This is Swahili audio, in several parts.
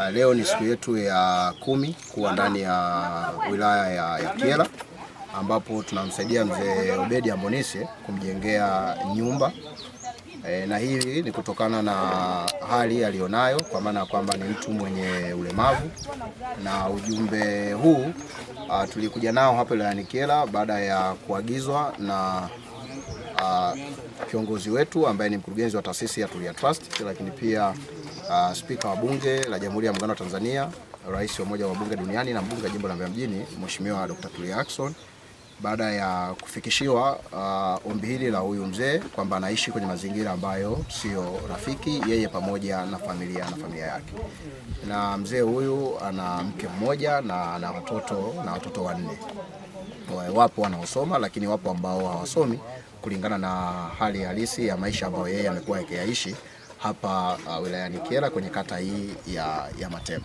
Ah, leo ni siku yetu ya kumi kuwa ndani ya wilaya ya, ya Kyela ambapo tunamsaidia mzee Obedi Ambonise kumjengea nyumba e, na hili ni kutokana na hali aliyonayo kwa maana ya kwamba ni mtu mwenye ulemavu, na ujumbe huu a, tulikuja nao hapa wilayani Kyela baada ya kuagizwa na a, kiongozi wetu ambaye ni mkurugenzi wa taasisi ya Tulia Trust, lakini pia uh, Spika wa Bunge la Jamhuri ya Muungano wa Tanzania, Rais wa Umoja wa Bunge Duniani na mbunge wa jimbo la Mbeya Mjini, Mheshimiwa Dr. Tulia Ackson baada ya kufikishiwa uh, ombi hili la huyu mzee kwamba anaishi kwenye mazingira ambayo sio rafiki yeye pamoja na familia na familia yake. Na mzee huyu ana mke mmoja na ana watoto na watoto wanne, wapo wanaosoma, lakini wapo ambao hawasomi kulingana na hali halisi ya maisha ambayo yeye amekuwa akiyaishi hapa uh, wilayani Kyela kwenye kata hii ya, ya Matema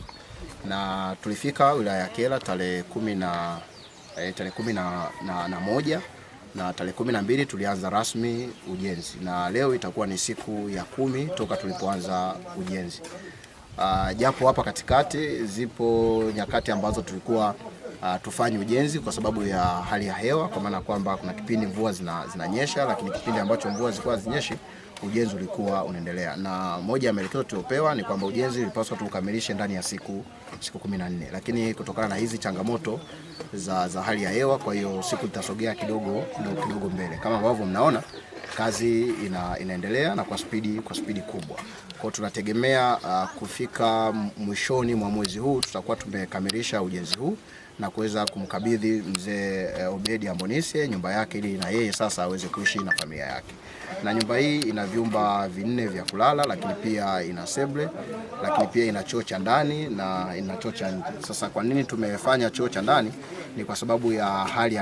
na tulifika wilaya ya Kyela tarehe kumi na eh, tarehe kumi na, na, na moja na tarehe kumi na mbili tulianza rasmi ujenzi na leo itakuwa ni siku ya kumi toka tulipoanza ujenzi. Uh, japo hapa katikati zipo nyakati ambazo tulikuwa uh, tufanye ujenzi kwa sababu ya hali ya hewa, kwa maana kwamba kuna kipindi mvua zinanyesha zina, lakini kipindi ambacho mvua zilikuwa zinyeshi ujenzi ulikuwa unaendelea, na moja ya maelekezo tuliopewa ni kwamba ujenzi ulipaswa ukamilishe ndani ya siku siku 14, lakini kutokana na hizi changamoto za, za hali ya hewa, kwa hiyo siku itasogea kidogo kidogo mbele kama ambavyo mnaona kazi ina, inaendelea na kwa spidi kwa spidi kubwa. Kwa tunategemea uh, kufika mwishoni mwa mwezi huu tutakuwa tumekamilisha ujenzi huu na kuweza kumkabidhi mzee uh, Obedi Ambonisye nyumba yake ili na yeye sasa aweze kuishi na familia yake. Na nyumba hii ina vyumba vinne vya kulala, lakini pia ina sebule, lakini pia ina choo cha ndani na ina choo cha nje. Sasa kwa nini tumefanya choo cha ndani? ni kwa sababu ya hali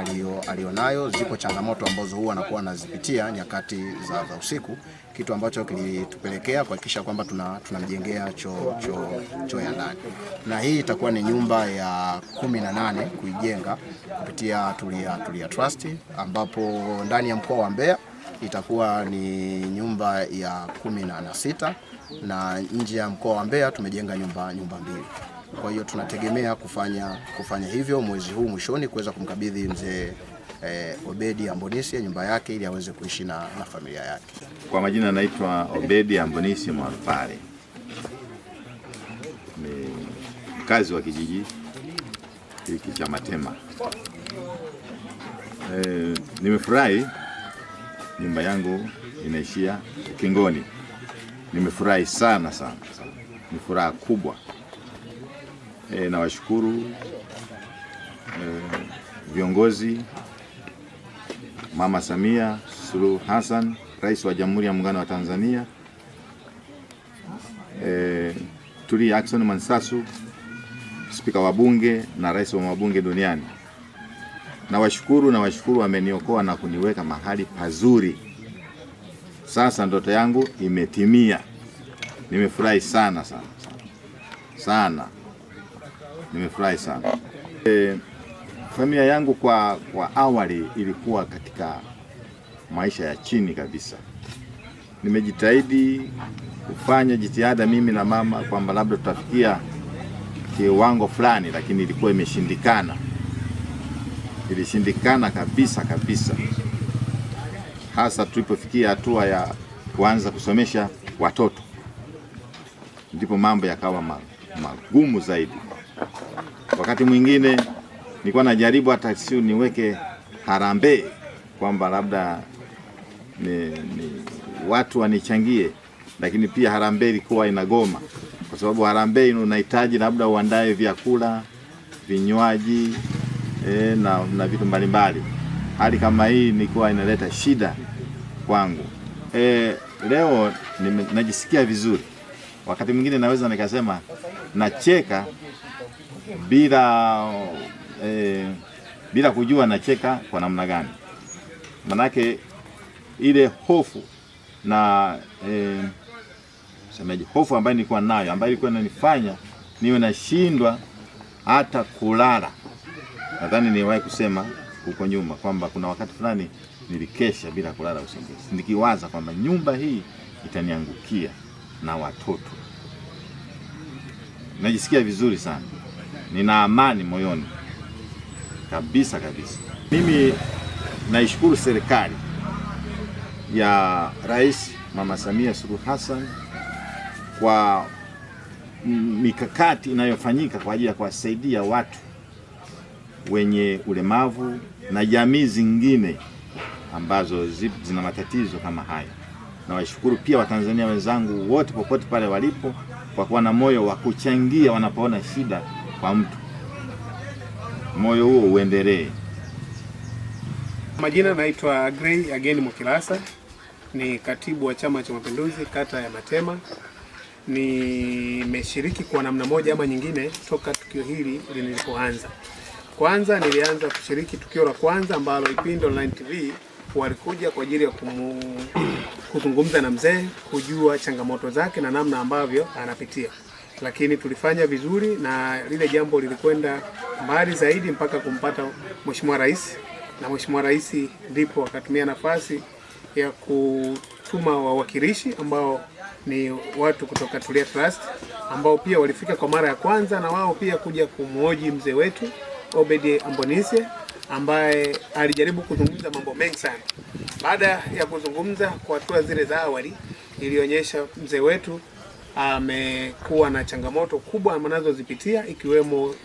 aliyonayo. Ziko changamoto ambazo huwa anakuwa anazipitia nyakati za, za usiku, kitu ambacho kilitupelekea kuhakikisha kwamba tunamjengea tuna choo cho, cho ya ndani, na hii itakuwa ni nyumba ya kumi na nane kuijenga kupitia Tulia, Tulia Trust ambapo ndani ya mkoa wa Mbeya itakuwa ni nyumba ya kumi na sita na nje ya mkoa wa Mbeya tumejenga nyumba, nyumba mbili. Kwa hiyo tunategemea kufanya, kufanya hivyo mwezi huu mwishoni kuweza kumkabidhi mzee eh, Obedi Ambonisi ya nyumba yake ili aweze kuishi na, na familia yake. Kwa majina anaitwa Obedi Ambonisi Mwalupale, ni mkazi wa kijiji hiki cha Matema. E, nimefurahi nyumba yangu inaishia ukingoni. Nimefurahi sana sana sana, ni furaha kubwa e, nawashukuru e, viongozi Mama Samia Suluhu Hassan, Rais wa Jamhuri ya Muungano wa Tanzania e, Tulia Ackson Mansasu, spika wa bunge na rais wa mabunge duniani. Nawashukuru, nawashukuru, wameniokoa na kuniweka mahali pazuri. Sasa ndoto yangu imetimia, nimefurahi sana sana sana sana nimefurahi sana. E, familia yangu kwa, kwa awali ilikuwa katika maisha ya chini kabisa. Nimejitahidi kufanya jitihada mimi na mama kwamba labda tutafikia kiwango fulani, lakini ilikuwa imeshindikana, ilishindikana kabisa kabisa, hasa tulipofikia hatua ya kuanza kusomesha watoto ndipo mambo yakawa magumu zaidi wakati mwingine nilikuwa najaribu hata siu niweke harambee kwamba labda ni, ni watu wanichangie, lakini pia harambee ilikuwa inagoma, kwa sababu harambee unahitaji labda uandae vyakula, vinywaji e, na, na vitu mbalimbali. Hali kama hii nilikuwa inaleta shida kwangu. E, leo najisikia vizuri. Wakati mwingine naweza nikasema nacheka bila eh, bila kujua nacheka kwa namna gani, manake ile hofu na eh, semeje, hofu ambayo nilikuwa nayo ambayo ilikuwa inanifanya niwe nashindwa hata kulala. Nadhani niwahi kusema huko nyuma kwamba kuna wakati fulani nilikesha bila kulala usingizi, nikiwaza kwamba nyumba hii itaniangukia na watoto. Najisikia vizuri sana nina amani moyoni kabisa kabisa. Mimi naishukuru serikali ya Rais Mama Samia Suluhu Hassan kwa mikakati inayofanyika kwa ajili ya kuwasaidia watu wenye ulemavu na jamii zingine ambazo zina matatizo kama haya. Nawashukuru pia Watanzania wenzangu wote popote pale walipo, kwa kuwa na moyo wa kuchangia wanapoona shida kwa mtu, moyo huo uendelee. Majina naitwa Grey Ageni Mwakilasa, ni katibu wa Chama cha Mapinduzi kata ya Matema. Nimeshiriki kwa namna moja ama nyingine toka tukio hili lilipoanza. Kwanza nilianza kushiriki tukio la kwanza ambalo Ipindi Online TV walikuja kwa ajili ya kuzungumza na mzee, kujua changamoto zake na namna ambavyo anapitia lakini tulifanya vizuri na lile jambo lilikwenda mbali zaidi mpaka kumpata Mheshimiwa Rais, na Mheshimiwa Rais ndipo akatumia nafasi ya kutuma wawakilishi ambao ni watu kutoka Tulia Trust ambao pia walifika kwa mara ya kwanza na wao pia kuja kumhoji mzee wetu Obed ambonise ambaye alijaribu kuzungumza mambo mengi sana. Baada ya kuzungumza kwa hatua zile za awali, ilionyesha mzee wetu amekuwa na changamoto kubwa anazozipitia ikiwemo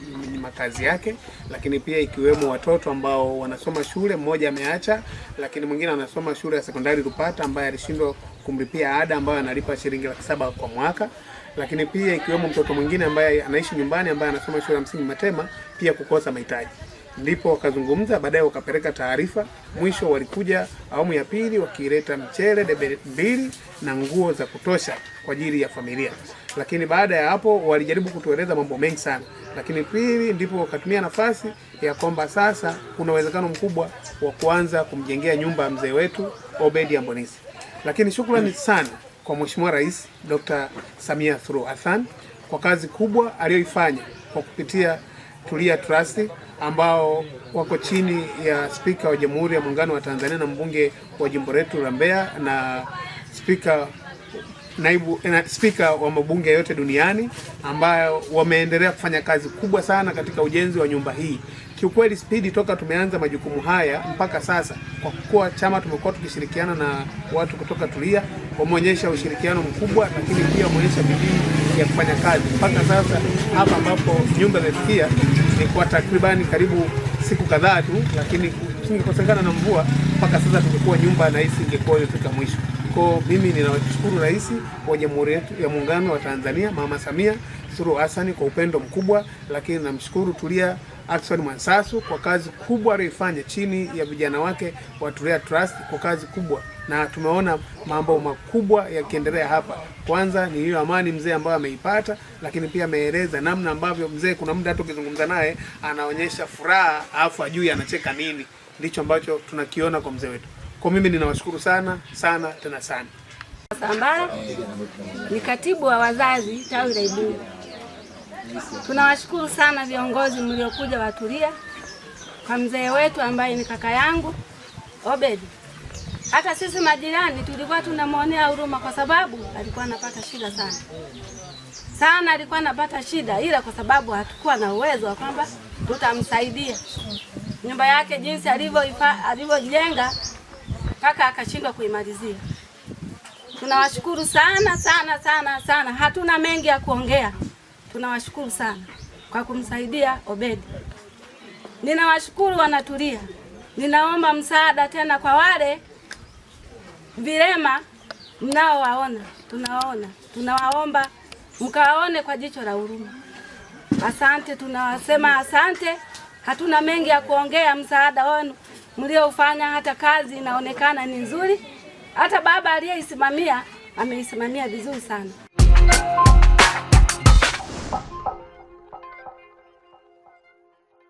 makazi yake, lakini pia ikiwemo watoto ambao wanasoma shule. Mmoja ameacha, lakini mwingine anasoma shule ya sekondari Lupata, ambaye alishindwa kumlipia ada ambayo analipa shilingi laki saba kwa mwaka lakini pia ikiwemo mtoto mwingine ambaye anaishi nyumbani ambaye anasoma shule ya msingi Matema pia kukosa mahitaji ndipo wakazungumza, baadaye wakapeleka taarifa. Mwisho walikuja awamu ya pili wakileta mchele debe mbili na nguo za kutosha kwa ajili ya familia. Lakini baada ya hapo walijaribu kutueleza mambo mengi sana, lakini pili ndipo wakatumia nafasi ya kwamba sasa kuna uwezekano mkubwa wa kuanza kumjengea nyumba mzee wetu Obedi Ambonisi. Lakini shukrani sana kwa Mheshimiwa Rais Dr. Samia Suluhu Hassan kwa kazi kubwa aliyoifanya kwa kupitia Tulia Trust ambao wako chini ya Spika wa Jamhuri ya Muungano wa Tanzania na mbunge wa jimbo letu la Mbeya na spika naibu na spika wa mabunge yote duniani ambayo wameendelea kufanya kazi kubwa sana katika ujenzi wa nyumba hii. Kiukweli spidi toka tumeanza majukumu haya mpaka sasa, kwa kuwa chama tumekuwa tukishirikiana na watu kutoka Tulia, wameonyesha ushirikiano mkubwa, lakini pia wameonyesha bidii ya kufanya kazi mpaka sasa hapa ambapo nyumba imefikia ni kwa takribani karibu siku kadhaa tu, lakini kukosekana na mvua mpaka sasa tumekuwa nyumba na hisi ingekuwa imefika mwisho. Kwa mimi ninawashukuru Rais wa Jamhuri ya Muungano wa Tanzania Mama Samia Suluhu Hassan kwa upendo mkubwa, lakini namshukuru Tulia Ackson Mwansasu kwa kazi kubwa aliyoifanya chini ya vijana wake wa Tulia Trust, kwa kazi kubwa na tumeona mambo makubwa yakiendelea hapa. Kwanza ni hiyo amani mzee ambayo ameipata, lakini pia ameeleza namna ambavyo mzee, kuna muda hata ukizungumza naye anaonyesha furaha, alafu ajui anacheka nini. Ndicho ambacho tunakiona kwa mzee wetu. Kwa mimi ninawashukuru sana sana tena sana. Sambara ni katibu wa wazazi tawi la Tunawashukuru sana viongozi mliokuja Watulia, kwa mzee wetu ambaye ni kaka yangu Obed. Hata sisi majirani tulikuwa tunamwonea huruma, kwa sababu alikuwa anapata shida sana sana, alikuwa anapata shida, ila kwa sababu hatukuwa na uwezo wa kwamba tutamsaidia nyumba yake jinsi alivyojenga mpaka akashindwa kuimalizia. Tunawashukuru sana sana sana sana, hatuna mengi ya kuongea tunawashukuru sana kwa kumsaidia Obedi. Ninawashukuru wanatulia. Ninaomba msaada tena kwa wale vilema mnaowaona, tunawaona, tunawaomba mkawaone kwa jicho la huruma. Asante, tunawasema asante. Hatuna mengi ya kuongea, msaada wenu mlioufanya, hata kazi inaonekana ni nzuri, hata baba aliyeisimamia ameisimamia vizuri sana.